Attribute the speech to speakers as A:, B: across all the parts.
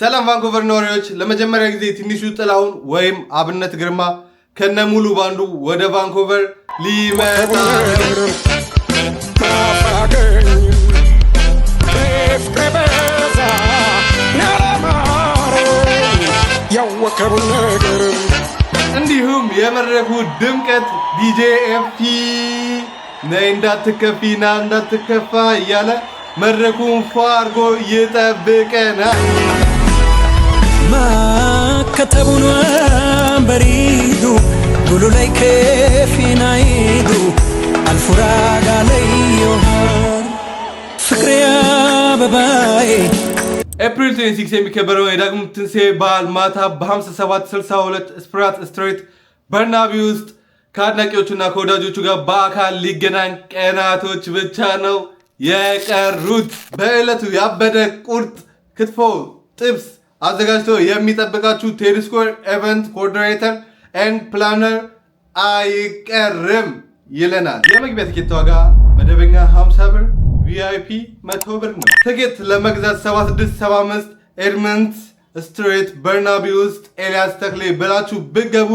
A: ሰላም ቫንኩቨር ነዋሪዎች፣ ለመጀመሪያ ጊዜ ትንሹ ጥላሁን ወይም አብነት ግርማ ከነ ሙሉ ባንዱ ወደ ቫንኩቨር ሊመጣ እንዲሁም የመድረኩ ድምቀት ዲጄ ኤፍቲ ነይ እንዳትከፊ ና እንዳትከፋ እያለ መድረኩን ፏ አድርጎ ይጠብቀናል። ከተቡን ወንበሪዱ ጉሉለይ ኬፊናይዱ አልፉራጋለዮሃር ፍቅሬ አበባዬ ኤፕሪል 26 የሚከበረው የዳግም ትንሣኤ በዓል ማታ በ5762 ስፕራት ስትሬት በርናቢ ውስጥ ከአድናቂዎቹና ከወዳጆቹ ጋር በአካል ሊገናኝ ቀናቶች ብቻ ነው የቀሩት። በዕለቱ ያበደ ቁርጥ፣ ክትፎ፣ ጥብስ አዘጋጅቶ የሚጠብቃችሁ ቴሌስኮር ኤቨንት ኮኦርዲኔተር ኤንድ ፕላነር አይቀርም ይለናል። የመግቢያ ትኬት ዋጋ መደበኛ 50 ብር፣ ቪአይፒ 100 ብር ነው። ትኬት ለመግዛት 7675 ኤድመንት ስትሬት በርናቢ ውስጥ ኤልያስ ተክሌ ብላችሁ ብገቡ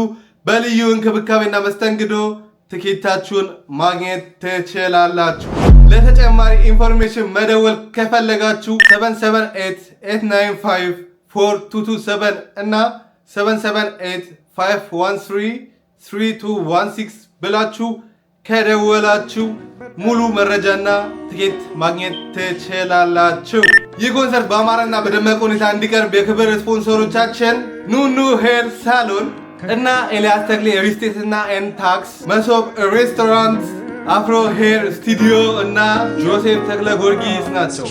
A: በልዩ እንክብካቤና መስተንግዶ ትኬታችሁን ማግኘት ትችላላችሁ። ለተጨማሪ ኢንፎርሜሽን መደወል ከፈለጋችሁ 778 895 4227 እና 778513321 ብላችሁ ከደወላችሁ ሙሉ መረጃና ትኬት ማግኘት ትችላላችሁ። ይህ ኮንሰርት በአማረና በደመቀ ሁኔታ እንዲቀርብ የክብር ስፖንሰሮቻችን ኑኑ ሄር ሳሎን እና ኤልያስ ተክሌ ሪስቴት እና ኤን ታክስ፣ መሶብ ሬስቶራንት፣ አፍሮ ሄር ስቱዲዮ እና ጆሴፍ ተክለ ጎርጊስ ናቸው።